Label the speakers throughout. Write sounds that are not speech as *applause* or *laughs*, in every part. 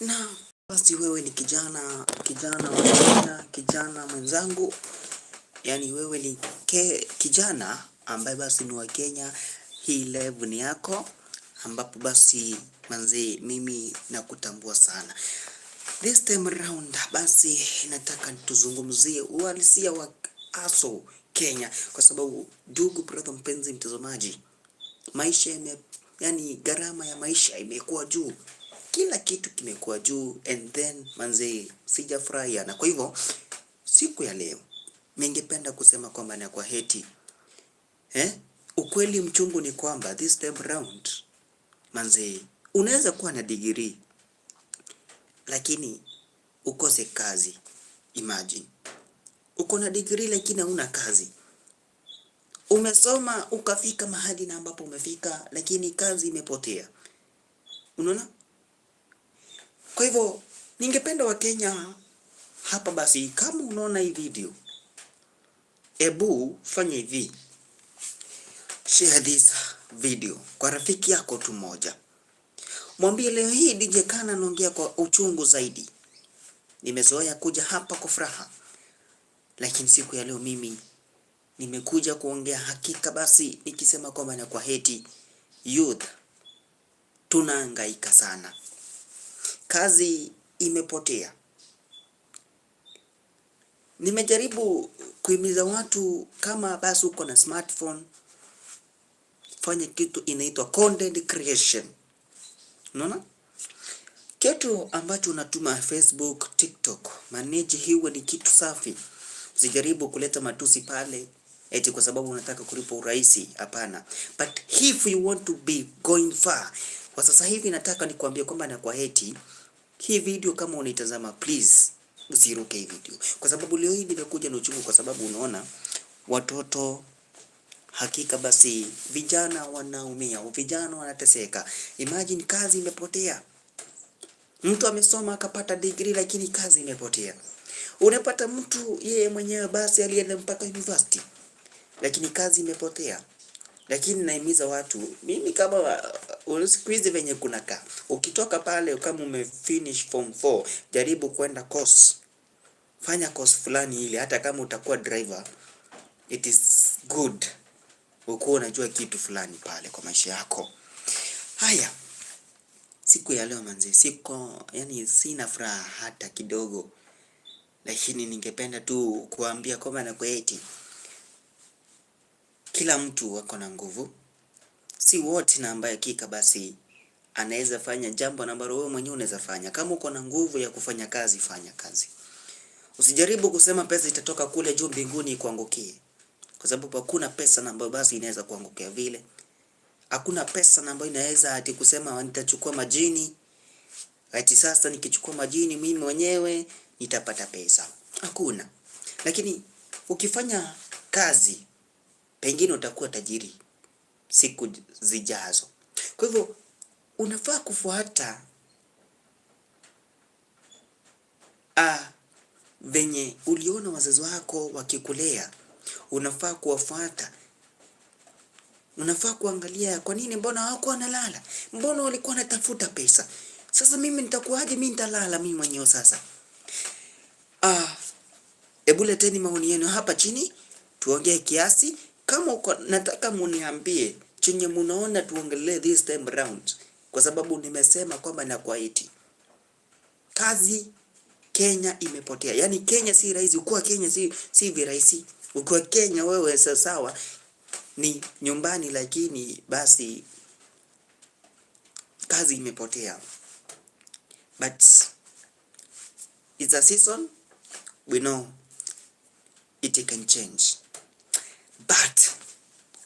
Speaker 1: na basi wewe ni kijana, kijana wa kijana mwenzangu, yani wewe ni ke, kijana ambaye basi ni wa Kenya. Hii live ni yako, ambapo basi manzi, mimi nakutambua sana. This time round basi nataka tuzungumzie uhalisia wa ASO Kenya, kwa sababu ndugu brother, mpenzi mtazamaji, maisha yame, yani gharama ya maisha imekuwa juu kila kitu kimekuwa juu, and then manze, sijafurahia. Na kwa hivyo siku ya leo ningependa kusema kwamba na kwa heti eh, ukweli mchungu ni kwamba this time round manze, unaweza kuwa na degree lakini ukose kazi. Imagine uko na degree lakini hauna kazi. Umesoma ukafika mahali na ambapo umefika, lakini kazi imepotea. Unaona, kwa hivyo ningependa Wakenya hapa basi, kama unaona hii video, ebu fanya hivi, share this video kwa rafiki yako tu moja, mwambie leo hii DJ Kana anaongea kwa uchungu zaidi. Nimezoea kuja hapa kwa furaha, lakini siku ya leo mimi nimekuja kuongea hakika. Basi nikisema kwamba na kwa heti youth tunahangaika sana kazi imepotea. Nimejaribu kuhimiza watu kama basi uko na smartphone, fanye kitu inaitwa content creation. Unaona? Kitu ambacho unatuma Facebook, TikTok, manage hiwe ni kitu safi. Usijaribu kuleta matusi pale eti kwa sababu unataka kulipa urahisi, hapana. But if you want to be going far, kwa sasa hivi nataka nikwambie kwamba na kwa heti hii video kama unaitazama, please usiruke hii video, kwa sababu leo hii nimekuja na uchungu, kwa sababu unaona watoto hakika, basi vijana wanaumia, vijana wanateseka. Imagine kazi imepotea, mtu amesoma akapata degree, lakini kazi imepotea. Unapata mtu yeye mwenyewe basi alienda mpaka university, lakini kazi imepotea. Lakini naimiza watu, mimi kama siku hizi venye kuna kaa, ukitoka pale kama umefinish form 4 jaribu kwenda course, fanya course fulani ile, hata kama utakuwa driver, it is good ukuwa unajua kitu fulani pale kwa maisha yako. Haya, siku ya leo manzi, siko yani, sina furaha hata kidogo, lakini ningependa tu kuambia kwamba na kweti, kila mtu ako na nguvu si wote, na ambaye hakika basi anaweza fanya jambo na ambalo wewe mwenyewe unaweza fanya. Kama uko na nguvu ya kufanya kazi, fanya kazi. Usijaribu kusema pesa itatoka kule juu mbinguni ikuangukie, kwa sababu hakuna pesa na ambayo basi inaweza kuangukia vile. Hakuna pesa na ambayo inaweza ati kusema nitachukua majini ati sasa nikichukua majini mimi mwenyewe nitapata pesa. Hakuna. Lakini ukifanya kazi, pengine utakuwa tajiri siku zijazo. Kwa hivyo unafaa kufuata a venye uliona wazazi wako wakikulea, unafaa kuwafuata. Unafaa kuangalia kwa nini, mbona hawako wanalala, mbona walikuwa wanatafuta pesa. Sasa mimi nitakuwaje? Mimi nitalala mimi mwenyewe sasa. Ah, hebu leteni maoni yenu hapa chini tuongee kiasi. Kama uko nataka muniambie chenye munaona tuongelee this time round, kwa sababu nimesema kwamba na kwa kazi Kenya imepotea. Yaani Kenya si rahisi, ukiwa Kenya si si virahisi. Ukiwa Kenya wewe sawa ni nyumbani, lakini basi kazi imepotea. But it's a season we know it can change but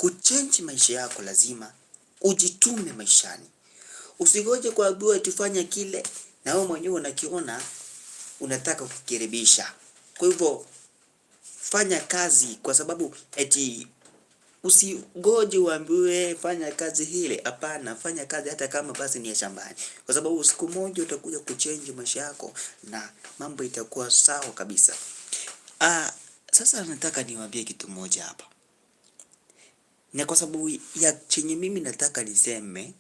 Speaker 1: kuchenji maisha yako lazima ujitume maishani. Usigoje kuambiwa tufanye kile na wewe mwenyewe unakiona unataka kukirekebisha. Kwa hivyo fanya kazi, kwa sababu eti usigoje uambiwe fanya kazi hile. Hapana, fanya kazi hata kama basi ni ya shambani, kwa sababu siku moja utakuja kuchenji maisha yako na mambo itakuwa sawa kabisa. Aa, ah, sasa nataka niwaambie kitu moja hapa. Na kwa sababu ya chenye mimi nataka niseme,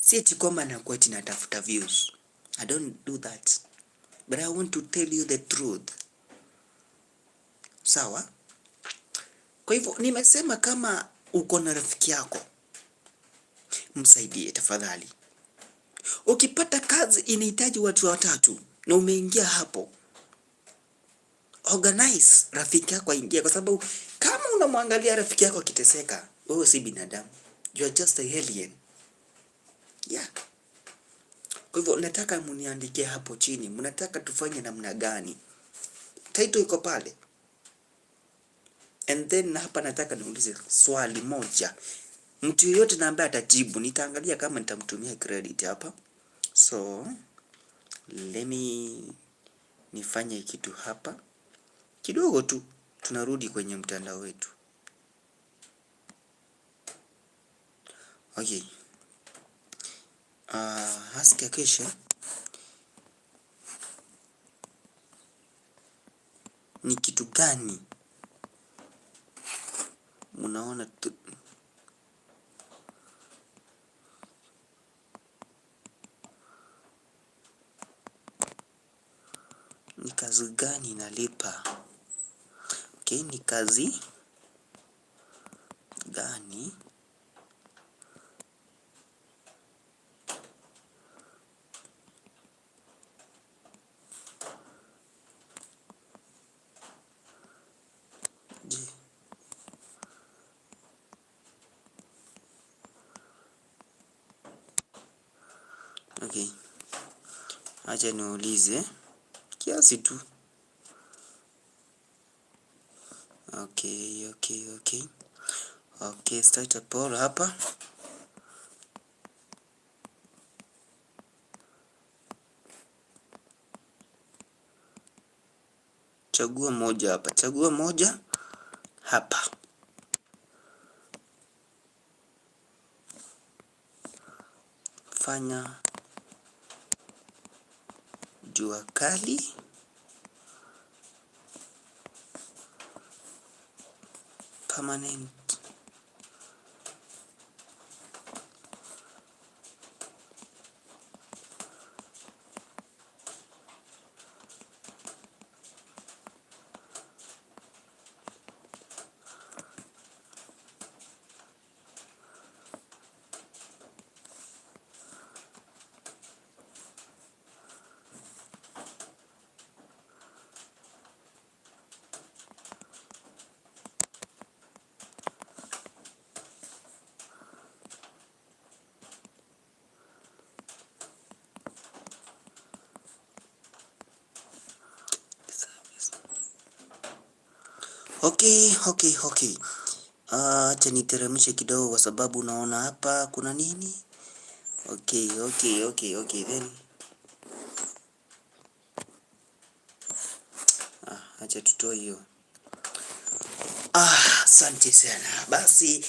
Speaker 1: si eti kwamba nakuwa eti natafuta views. I don't do that. But I want to tell you the truth. Sawa? Kwa hivyo nimesema kama uko na rafiki yako, msaidie tafadhali. Ukipata kazi inahitaji watu watatu na umeingia hapo, organize rafiki yako aingie, kwa sababu unamwangalia rafiki yako akiteseka, wewe si binadamu, you are just a alien. Yeah. Kwa hivyo nataka mniandikie hapo chini, mnataka tufanye namna gani? Title iko pale. And then na hapa nataka niulize swali moja. Mtu yeyote na ambaye atajibu, nitaangalia kama nitamtumia credit hapa. So let me nifanye kitu hapa kidogo tu tunarudi kwenye mtandao wetu. Okay. Uh, Ask a question ni kitu gani munaona tu... ni kazi gani inalipa? hiki ni kazi gani? okay, acha niulize kiasi tu. Okay, okay, okay. Okay, start up all hapa. Chagua moja hapa, chagua moja hapa. Fanya jua kali name. Okay, okay, okay. Ah, acha niteremshe kidogo kwa sababu naona hapa kuna nini? Okay, okay, okay, okay then. Ah, acha tutoe hiyo. Ah, asante sana. Basi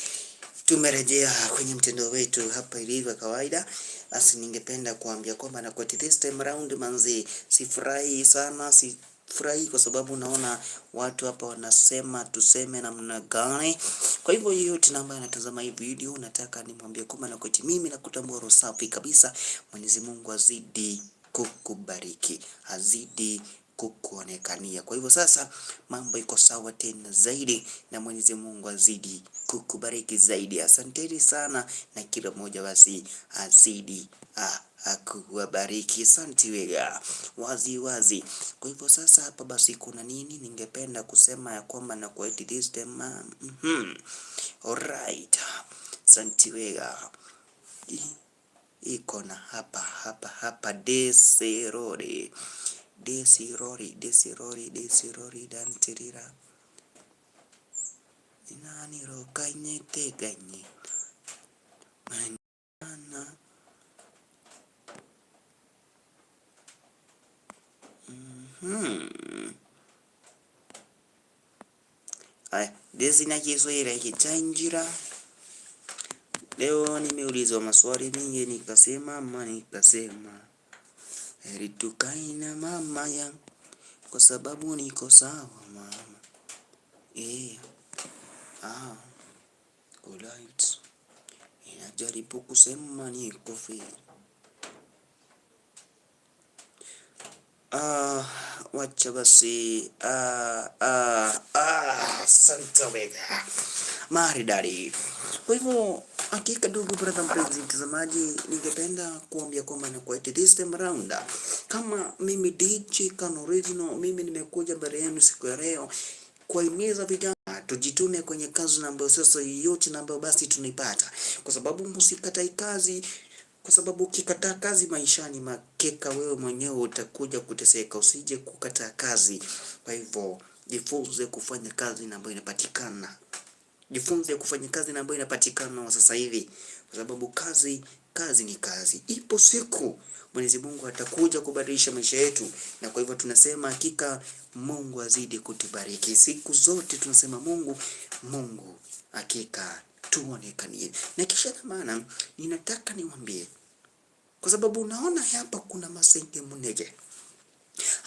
Speaker 1: tumerejea kwenye mtendo wetu hapa ilivyo kawaida. Asi, ningependa kuambia kwamba na kwa this time round manzi, sifurahi sana si furahi kwa sababu naona watu hapa wanasema tuseme namna gani. Kwa hivyo yeyote ambaye anatazama hii video, nataka nimwambie kwamba na kochi mimi na kutambua roho safi kabisa. Mwenyezi Mungu azidi kukubariki, azidi kukuonekania. Kwa hivyo sasa mambo iko sawa tena zaidi, na Mwenyezi Mungu azidi kukubariki zaidi. Asanteni sana, na kila mmoja basi azidi ah hakuwabariki wega wazi wazi. Kwa hivyo sasa hapa basi kuna nini? Ningependa kusema ya kwamba na quite this time mm -hmm. Alright, wega iko na hapa hapa hapa Desirori Desirori Desirori Desirori dantirira inaniro kanye manana Hmm. Aya, dezina Kiswahili yakichanjira. Leo nimeulizwa maswali mingi, nikasema ma nikasema heri tukae na mama ya kwa sababu niko sawa mama e. Ah, alright, inajaribu kusema niko fiti ah wacha basi. Ah, ah, ah, santa mega maridadi. Kwa hivyo hakika, ndugu brother, mpenzi mtazamaji, ningependa kuambia kwamba na kwa this time round, kama mimi DJ Khan Original, mimi nimekuja mbele yenu siku ya leo kuhimiza vijana tujitume kwenye kazi na ambayo sasa yote na ambayo basi tunaipata, kwa sababu msikatai kazi kwa sababu ukikataa kazi maishani makeka, wewe mwenyewe utakuja kuteseka, usije kukataa kazi. Kwa hivyo jifunze kufanya kazi na ambayo inapatikana, jifunze kufanya kazi na ambayo inapatikana sasa hivi, kwa sababu kazi kazi ni kazi. Ipo siku Mwenyezi Mungu atakuja kubadilisha maisha yetu, na kwa hivyo tunasema hakika Mungu azidi kutubariki siku zote. Tunasema Mungu, Mungu hakika tuonekanie. Na kisha na maana, ninataka niwambie kwa sababu unaona hapa kuna masenge mnege.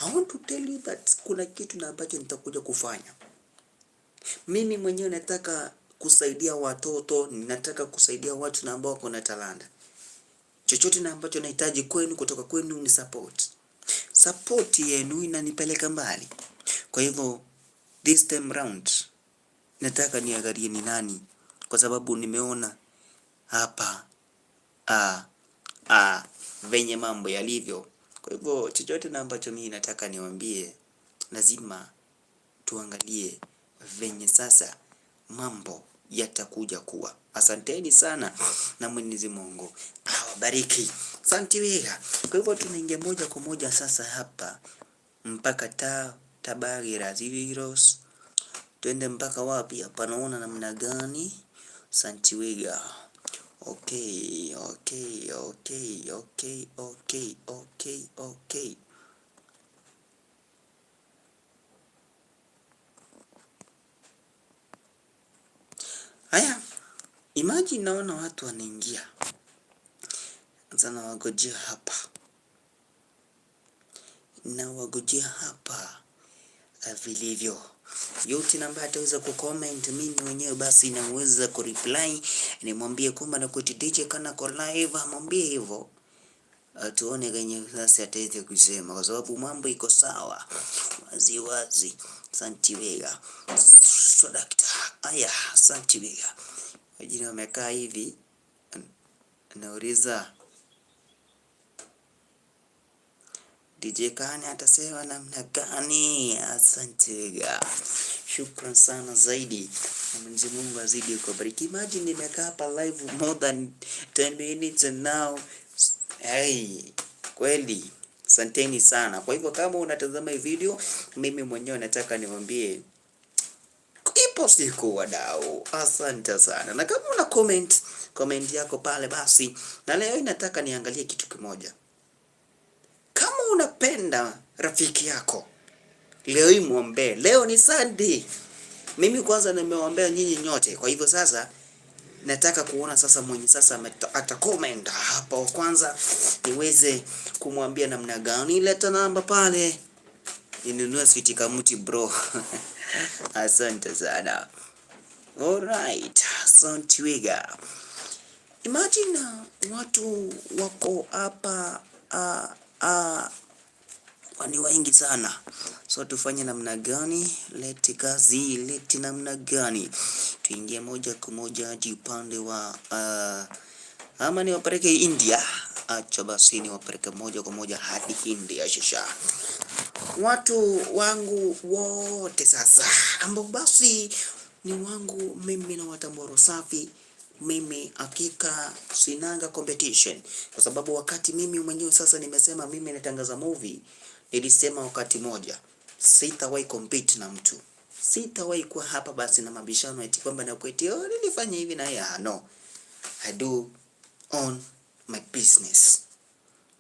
Speaker 1: I want to tell you that kuna kitu na ambacho nitakuja kufanya mimi mwenyewe. Nataka kusaidia watoto, ninataka kusaidia watu na ambao wako na talanta chochote na ambacho nahitaji kwenu, kutoka kwenu ni support. Support yenu inanipeleka mbali. Kwa hivyo this time round nataka niangalie ni nani, kwa sababu nimeona hapa a ah, venye mambo yalivyo. Kwa hivyo chochote na ambacho mimi nataka niwaambie, lazima tuangalie venye sasa mambo yatakuja kuwa. Asanteni sana na Mwenyezi Mungu awabariki. Asante wega. Kwa hivyo tunaingia moja kwa moja sasa hapa mpaka ta tabari raziros, twende mpaka wapi? Naona namna gani? wega. Okay, okay, okay, okay, okay, okay, okay. Haya, imagine naona watu wanaingia. Sasa nawagojea hapa. Nawagojea hapa eh, vilivyo yote namba ataweza kucomment mimi mwenyewe basi naweza ku kureply, nimwambie kwamba na kuti DJ kana kwa live, amwambie hivyo, tuone kwenye sasa ataweza kusema, kwa sababu mambo iko sawa wazi wazi. Santi wega so dakta Aya, asante biga. Wengine wamekaa hivi, anauliza DJ Kani atasema namna gani? Asante biga, shukran sana zaidi, na Mwenyezi Mungu azidi kubariki. Imagine nimekaa hapa live more than 10 minutes and now, hey, kweli asanteni sana. Kwa hivyo kama unatazama hii video, mimi mwenyewe nataka niwaambie posti kwa wadau. Asante sana, na kama una comment, comment yako pale basi. Na leo inataka niangalie kitu kimoja, kama unapenda rafiki yako leo hii muombe. Leo ni Sunday. Mimi kwanza nimewaombea nyinyi nyote, kwa hivyo sasa nataka kuona sasa mwenye sasa ata comment hapa wa kwanza, niweze kumwambia namna gani. Leta namba pale ninunue switi kamti bro *laughs* Asante sana. Alright, Son Twiga. Imagine uh, watu wako hapa uh, uh, wani wengi sana so tufanye namna gani? Leti kazi leti namna gani? Tuingie moja kwa moja hadi upande wa uh, ama niwapeleke India? Acha basi niwapeleke moja kwa moja hadi India shasha watu wangu wote sasa ambao basi ni wangu mimi na watambua Rusafi Mimi hakika sinanga competition, kwa sababu wakati mimi mwenyewe sasa nimesema mimi natangaza movie, nilisema wakati moja sitawahi compete na mtu, sitawahi kuwa hapa basi na mabishano eti kwamba na kweti oh, nilifanya hivi na ya no. I do on my business,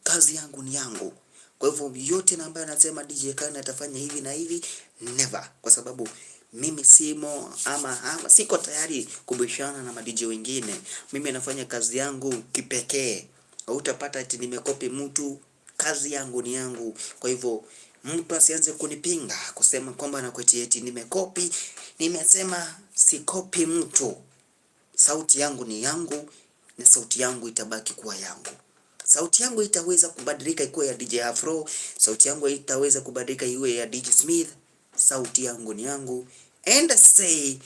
Speaker 1: kazi yangu ni yangu. Kwa hivyo yote na ambayo anasema DJ Khan atafanya hivi na hivi, never, kwa sababu mimi simo ama, ama siko tayari kubishana na madiji wengine. Mimi nafanya kazi yangu kipekee, hautapata eti nimekopi mtu. Kazi yangu ni yangu, kwa hivyo mtu asianze kunipinga kusema kwamba nakweti eti nimekopi. Nimesema sikopi mtu, sauti yangu ni yangu na sauti yangu itabaki kuwa yangu sauti yangu itaweza kubadilika ikuwe ya DJ Afro, sauti yangu itaweza kubadilika iwe ya DJ Smith. Sauti yangu ni yangu, and say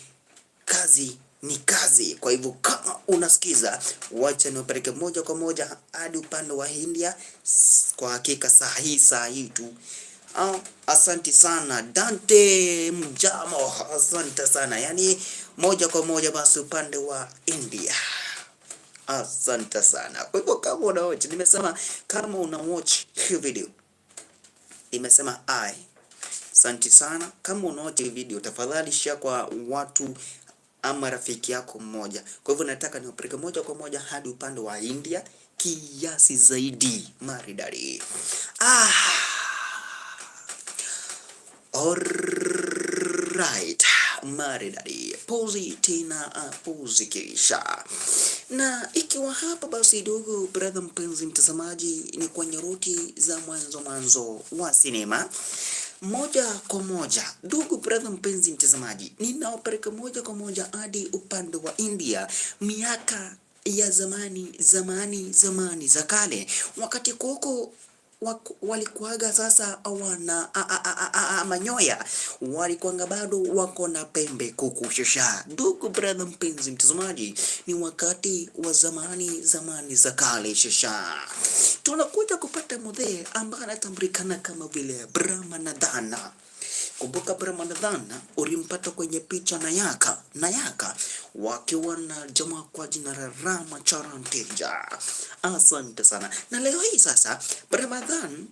Speaker 1: kazi ni kazi. Kwa hivyo kama unasikiza, wacha niwapeleke moja kwa moja hadi upande wa India. Kwa hakika saa hii saa hii tu. Oh, asanti sana Dante Mjamo, asante sana. Yaani moja kwa moja basi upande wa India. Asante sana. Kwa hivyo kama una watch, nimesema kama una watch hii video, nimesema ai, asante sana. Kama una watch hii video, tafadhali share kwa watu ama rafiki yako mmoja. Kwa hivyo nataka niwapeleke moja kwa moja hadi upande wa India kiasi zaidi maridadi. Ah. Alright, maridari. Pozi tena, uh, pozi kisha. Na ikiwa hapa basi, ndugu bradha, mpenzi mtazamaji, ni kwa nyaruti za mwanzo mwanzo wa sinema moja kwa moja. Ndugu bradha, mpenzi mtazamaji, ninaopeleka moja kwa moja hadi upande wa India miaka ya zamani zamani zamani za kale, wakati koko walikuaga sasa wana manyoya, walikuanga bado wako na pembe kukushusha. Ndugu brother, mpenzi mtazamaji, ni wakati wa zamani zamani za kale. shusha, tunakuja kupata mudhee ambaye anatambulikana kama vile Brahma na dhana Kumbuka Brahmanadhan ulimpata kwenye picha na Yaka na Yaka wakiwa na jamaa kwa jina la Rama Charantija. Asante sana. Na leo hii sasa Brahmanadhan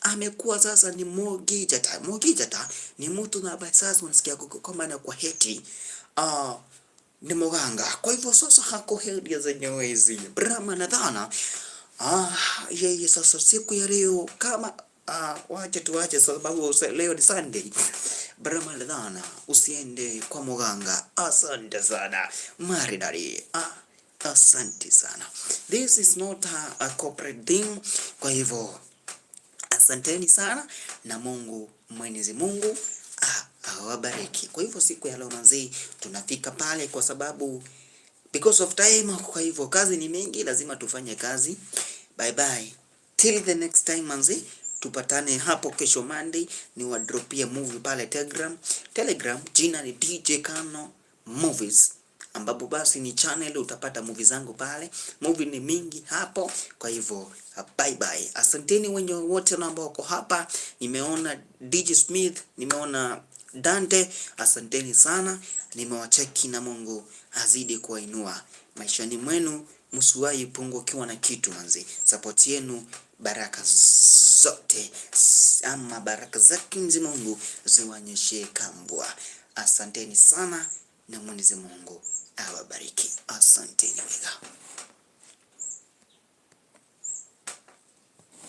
Speaker 1: amekuwa sasa ni Mogijata. Mogijata ni mtu na baadhi sasa unasikia kwa na kwa heti. Ah, uh, ni muganga. Kwa hivyo sasa hako heri zenyewe hizi. Brahmanadhan ah, yeye sasa siku ya leo kama ah, wache tuache sababu leo ni Sunday. Brahmaladhana, usiende kwa muganga. Asante sana maridari. Ah, asante sana. This is not a, a corporate thing. Kwa hivyo asanteni sana na Mungu Mwenyezi Mungu ah, awabariki. Kwa hivyo siku ya leo manzi, tunafika pale kwa sababu because of time. Kwa hivyo kazi ni mingi, lazima tufanye kazi. Bye bye till the next time manzi. Tupatane hapo kesho Monday, ni wadropie movie pale Telegram. Telegram jina ni DJ Kano Movies, ambapo basi ni channel, utapata movie zangu pale. Movie ni mingi hapo, kwa hivyo bye bye. Asanteni wenye wote na ambao wako hapa, nimeona DJ Smith, nimeona Dante, asanteni sana, nimewacheki na Mungu azidi kuwainua maishani mwenu. Msiwahi pungwa ukiwa na kitu manzi, support yenu baraka zote ama baraka za kimzi Mungu ziwanyeshe Kambwa. Asanteni sana na Mwenyezi Mungu awabariki. Asanteni wega.